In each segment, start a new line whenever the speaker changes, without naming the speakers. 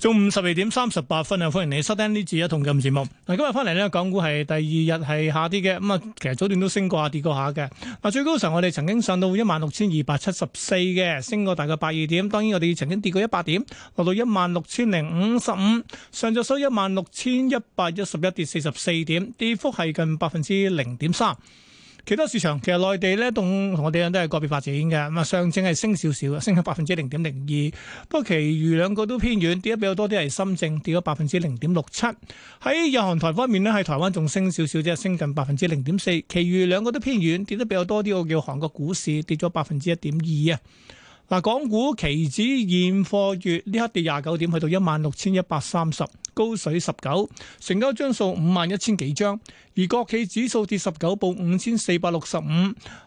中午十二點三十八分啊，歡迎你收聽呢節一同嘅節目。嗱，今日翻嚟咧，港股係第二日係下跌嘅，咁啊，其實早段都升過下，跌過下嘅。嗱，最高嘅時我哋曾經上到一萬六千二百七十四嘅，升過大概百二點。當然我哋曾經跌過一百點，落到一萬六千零五十五，上咗收一萬六千一百一十一，跌四十四點，跌幅係近百分之零點三。其他市場其實內地咧同我哋一樣都係個別發展嘅，咁啊上證係升少少嘅，升咗百分之零點零二，不過其餘兩個都偏遠，跌得比較多啲係深證，跌咗百分之零點六七。喺日韓台方面咧，喺台灣仲升少少啫，升近百分之零點四，其餘兩個都偏遠，跌得比較多啲，我、這個、叫韓國股市跌咗百分之一點二啊。嗱，港股期指現貨月呢刻跌廿九點，去到一萬六千一百三十。高水十九，成交張數五萬一千幾張，而國企指數跌十九，報五千四百六十五，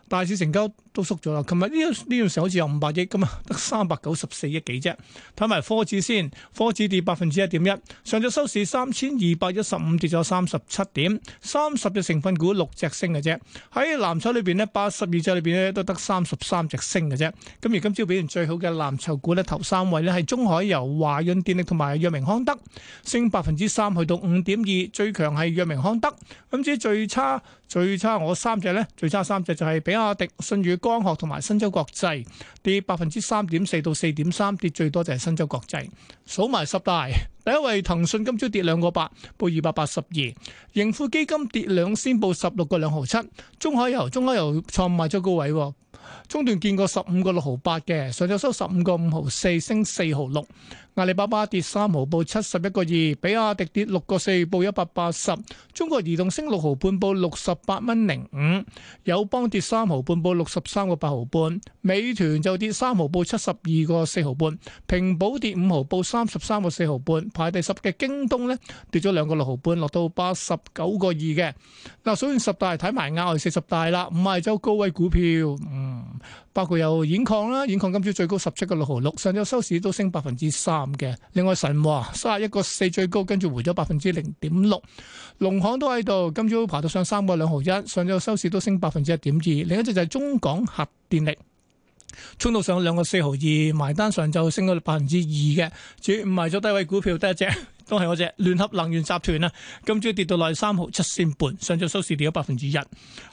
大市成交都縮咗啦。琴日呢呢段時好似有五百億咁啊，得三百九十四億幾啫。睇埋科指先，科指跌百分之一點一，上咗收市三千二百一十五，跌咗三十七點，三十隻成分股六隻升嘅啫。喺藍籌裏邊呢，八十二隻裏邊呢都得三十三隻升嘅啫。咁而今朝表現最好嘅藍籌股呢，頭三位呢係中海油、華潤電力同埋藥明康德升百分之三去到五點二，最強係藥明康德。咁至最差最差我三隻呢，最差三隻就係比亞迪、信宇光學同埋新洲國際，跌百分之三點四到四點三，跌最多就係新洲國際。數埋十大。第一位騰訊今朝跌兩個八，報二百八十二。盈富基金跌兩仙，報十六個兩毫七。中海油中海油創賣咗高位，中段見過十五個六毫八嘅，上晝收十五個五毫四，升四毫六。阿里巴巴跌三毫，報七十一個二。比亞迪跌六個四，報一百八十。中國移動升六毫半，報六十八蚊零五。友邦跌三毫半，報六十三個八毫半。美團就跌三毫，報七十二個四毫半。平保跌五毫，報三十三個四毫半。排第十嘅京東咧跌咗兩個六毫半，落到八十九個二嘅。嗱、啊，數完十大睇埋亞外四十大啦，五係走高位股票，嗯，包括有兗礦啦，兗礦今朝最高十七個六毫六，上週收市都升百分之三嘅。另外神華卅一個四最高，跟住回咗百分之零點六。農行都喺度，今朝爬到上三個兩毫一，上週收市都升百分之一點二。另一隻就係中港核電力。衝到上兩個四毫二，埋單上晝升到百分之二嘅，主唔賣咗低位股票得一隻，都係我隻聯合能源集團啊，今朝跌到落三毫七仙半，上晝收市跌咗百分之一。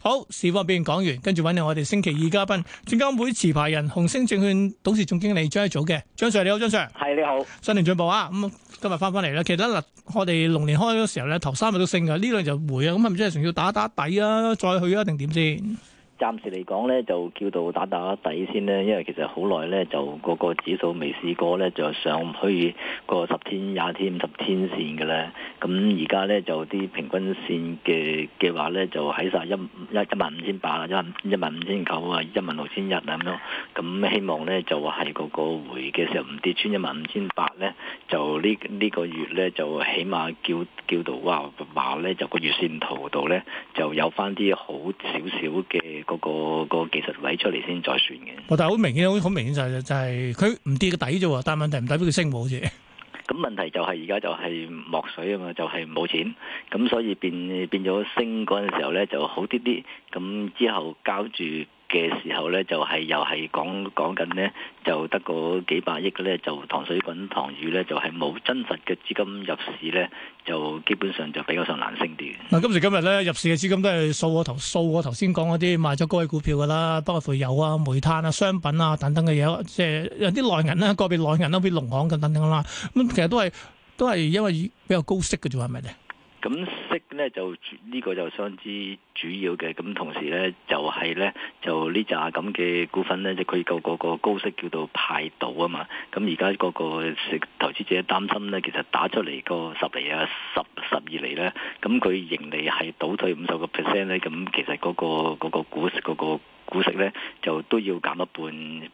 好，事況方面講完，跟住揾下我哋星期二嘉賓，證監會持牌人、紅星證券董事總經理張益祖嘅，張 Sir 你好，張 Sir 係你好，新年進步啊！咁、嗯、今日翻翻嚟啦，其實嗱，我哋龍年開嗰時候咧，頭三日都升㗎，呢輪就回啊，咁係唔知係仲要打一打底啊，再去啊，定點先？
暫時嚟講咧，就叫到打打底先啦，因為其實好耐咧，就個個指數未試過咧，就上唔去個十天、廿天、五十天線嘅咧。咁而家咧就啲平均線嘅嘅話咧，就喺晒一一萬五千八、一萬五千九啊、一萬六千一啊咁樣。咁、嗯、希望咧就係、嗰個嗰個回嘅時候唔跌穿一萬五千八咧，就呢呢個月咧就起碼叫叫到哇話咧就個月線圖度咧就有返啲好少少嘅。嗰、嗰個嗰個技術位出嚟先再算
嘅，哦。但係好明顯，好明顯就係、係、就係佢唔跌個底啫喎，但係問題唔代表佢升冇嘅。
咁問題就係而家就係冇水啊嘛，就係、係、冇錢，咁所以變變咗升嗰陣時候咧就好啲啲，咁之後交住。嘅時候咧，就係、是、又係講講緊咧，就得個幾百億嘅咧，就塘水滾塘魚咧，就係、是、冇真實嘅資金入市咧，就基本上就比較上難升啲。
嗱、啊，今時今日咧，入市嘅資金都係數我頭數我頭先講嗰啲賣咗高位股票噶啦，包括油啊、煤炭啊、商品啊等等嘅嘢，即、呃、係有啲內銀啦、啊，個別內銀、啊啊、等等啦，譬如農行咁等等啦，咁其實都係都係因為比較高息嘅啫，係咪咧？
咁就呢個就相當之主要嘅，咁同時呢，就係、是、呢，就呢扎咁嘅股份呢，就可以夠嗰個高息叫做派到啊嘛。咁而家嗰個投資者擔心呢，其實打出嚟個十厘啊、十十二厘呢，咁佢盈利係倒退五十個 percent 呢。咁其實嗰、那個嗰、那個股息嗰、那個。股息咧就都要減一半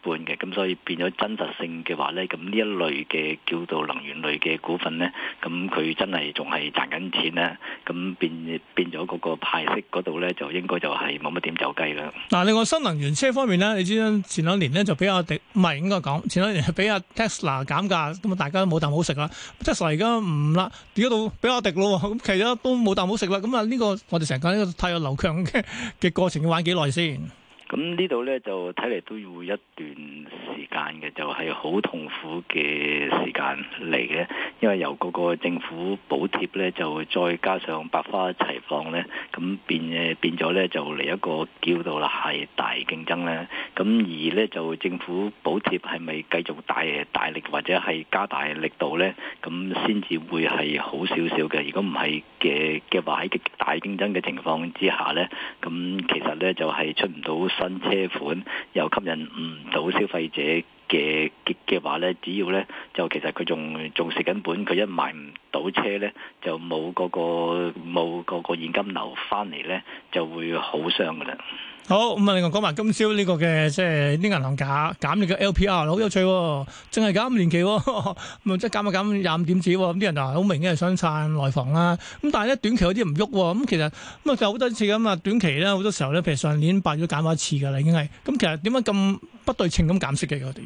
半嘅，咁所以變咗真實性嘅話咧，咁呢一類嘅叫做能源類嘅股份咧，咁佢真係仲係賺緊錢咧，咁變變咗嗰個派息嗰度咧，就應該就係冇乜點走雞啦。
嗱、啊，另外新能源車方面咧，你知啦、啊，前兩年咧就、啊、俾阿迪唔係，應該講前兩年俾阿 Tesla 減價，咁啊大家都冇啖好食啦。Tesla 而家唔啦，而家到俾阿迪咯，咁其實都冇啖好食啦。咁啊呢個我哋成日講呢個太陽流強嘅嘅過程要玩幾耐先？
咁呢度呢，就睇嚟都要一段時間嘅，就係好痛苦嘅時間嚟嘅，因為由個個政府補貼呢，就再加上百花齊放呢，咁變誒變咗呢，就嚟一個叫到啦係大競爭呢。咁而呢，就政府補貼係咪繼續大大力或者係加大力度呢？咁先至會係好少少嘅。如果唔係嘅嘅話，喺大競爭嘅情況之下呢，咁其實呢，就係出唔到。新車款又吸引唔到消費者嘅嘅話咧，只要咧就其實佢仲仲蝕緊本，佢一賣唔倒車咧就冇嗰個冇嗰個，個現金流翻嚟咧就會傷好傷噶啦。
好咁啊，另外講埋今朝呢個嘅即係啲銀行減減呢個 LPR 好有趣喎、哦，淨係減五年期、哦，咁即係減啊減廿五點子、哦，咁啲人啊好明顯係想撐內房啦、啊。咁但係咧短期有啲唔喐，咁其實啊就好多次咁啊短期咧好多時候咧，譬如上年八月都減咗一次噶啦，已經係咁。其實點解咁不對稱咁減息嘅佢哋？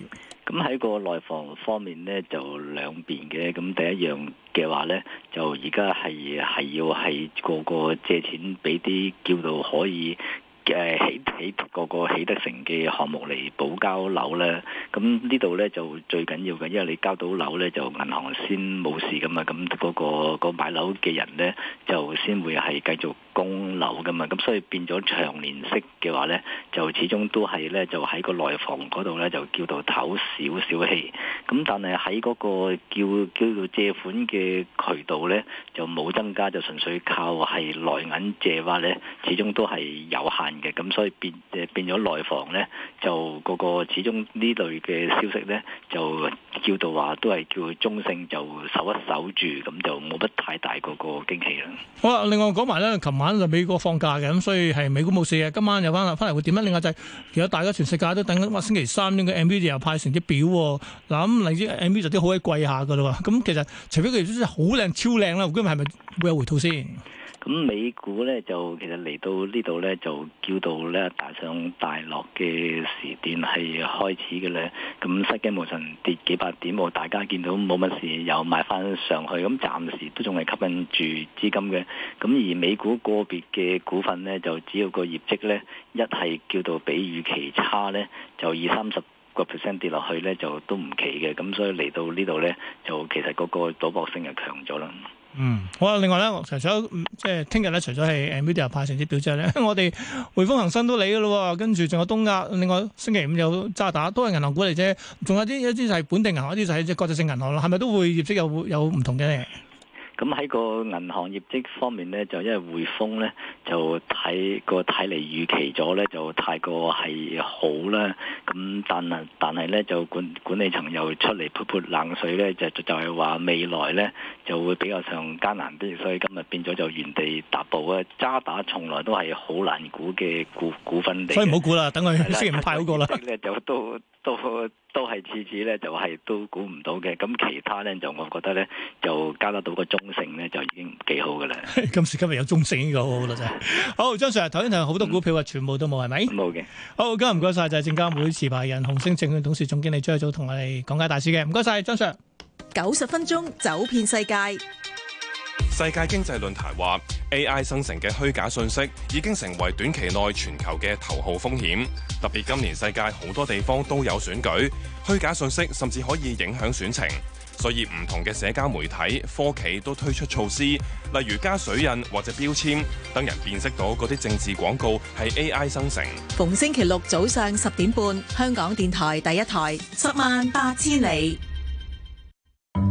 咁喺個內房方面咧，就兩邊嘅。咁第一樣嘅話咧，就而家係係要係個個借錢俾啲叫做可以誒起起個個起得成嘅項目嚟補交樓咧。咁呢度咧就最緊要嘅，因為你交到樓咧，就銀行先冇事噶嘛。咁嗰個個買樓嘅人咧，就先會係繼續。供樓嘅嘛，咁所以變咗長年息嘅話咧，就始終都係咧，就喺個內房嗰度咧，就叫到唞少少氣。咁但係喺嗰個叫叫做借款嘅渠道咧，就冇增加，就純粹靠係內銀借話咧，始終都係有限嘅。咁所以變誒變咗內房咧，就個個始終呢類嘅消息咧，就叫到話都係叫中性，就守一守住，咁就冇乜太大嗰個驚喜啦。
好啦，另外講埋咧，琴晚，就美國放假嘅，咁所以係美國冇事嘅。今晚又翻啦，翻嚟會點咧？另外就係，其實大家全世界都等緊，哇！星期三呢個 MV 又派成績表、哦，嗱咁，嚟啲 MV 就啲好鬼貴下噶啦。咁其實除非佢啲好靚、超靚啦，今日係咪會有回吐先。
咁美股咧就其實嚟到呢度咧就叫到咧大上大落嘅時段係開始嘅咧，咁失驚無神跌幾百點喎，大家見到冇乜事又賣翻上去，咁暫時都仲係吸引住資金嘅。咁而美股個別嘅股份咧就只要個業績咧一係叫做比預期差咧，就二三十個 percent 跌落去咧就都唔奇嘅。咁所以嚟到呢度咧就其實嗰個賭博性就強咗啦。
嗯，好啊！另外咧，除咗即係聽日咧，除咗係誒 media 派成績表之外咧， 我哋匯豐、恒生都嚟噶咯，跟住仲有東亞。另外星期五有渣打，都係銀行股嚟啫。仲有啲一啲就係本地銀行，一啲就係即係國際性銀行咯。係咪都會業績有有唔同嘅咧？
咁喺個銀行業績方面咧，就因為匯豐咧就睇個睇嚟預期咗咧就太過係好啦，咁但係但係咧就管管理層又出嚟潑潑冷水咧，就就係話未來咧就會比較上艱難啲，所以今日變咗就原地踏步啊！渣打從來都係好難估嘅股股份嚟，所以唔好估啦，等佢先唔派好過啦.。 都都係次次咧，就係、是、都估唔到嘅。咁其他咧，就我覺得咧，就加得到個中性咧，就已經幾好噶啦。
今時今日有中性呢個好好啦。好，張 Sir，頭先係好多股票話、嗯、全部都冇，係咪？冇嘅、嗯。好，今日唔該晒，就係證監會持牌人、紅星證券董事總經理張益祖同我哋講解大市嘅。唔該晒，張 Sir。九十分鐘走遍世界。世界經濟論壇話，AI 生成嘅虛假信息已經成為短期內全球嘅頭號風險。特別今年世界好多地方都有選舉，虛假信息甚至可以影響選情。所以唔同嘅社交媒體科企都推出措施，例如加水印或者標籤，等人辨識到嗰啲政治廣告係 AI 生成。
逢星期六早上十點半，香港電台第一台，十萬八千里。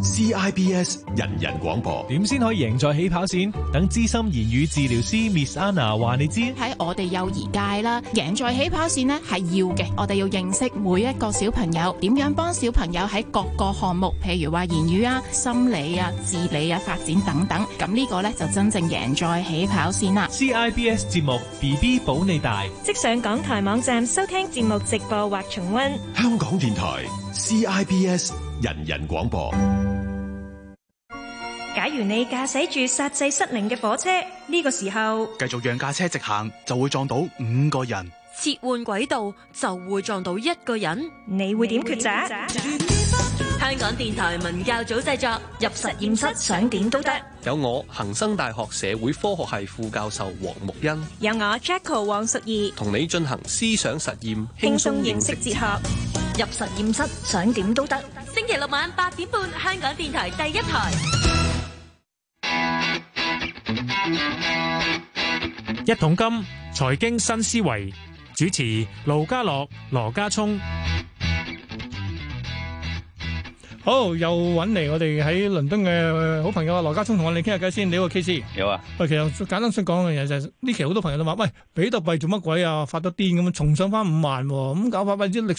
CIBS
人人廣播。點先可以贏在起跑線？等資深言語治療師 Miss Anna 話你知。
喺我哋幼兒界啦，贏在起跑線呢係要嘅。我哋要認識每一個小朋友，點樣幫小朋友喺各個項目，譬如話言語啊、心理啊、自理啊發展等等。咁呢個呢，就真正贏在起跑線啦。
CIBS 節目 BB 保你大，
即上港台網站收聽節目直播或重温香港
電台。CIBS 人人廣播。
假如你駕駛住煞掣失靈嘅火車，呢個時候
繼續讓架車直行，就會撞到五個人；
切換軌道，就會撞到一個人。你會點抉擇？香港電台文教組製作，入實驗室想點都得。
有我恒生大學社會科學系副教授黃木欣，
有我 Jacko 黃淑儀，
同你進行思想實驗，輕鬆認識哲學。
入實驗室想點都得。星期六晚八點半，香港電台第一台。一
桶金財經新思維，主持盧家樂、羅家聰。好又揾嚟，我哋喺倫敦嘅好朋友啊，羅家聰同我哋傾下偈先。你個 case 有啊？喂，其實簡單想講嘅嘢就係呢期好多朋友都話，喂，比特幣做乜鬼啊？發到癲咁，重上翻五萬，啊，咁搞百百分之六。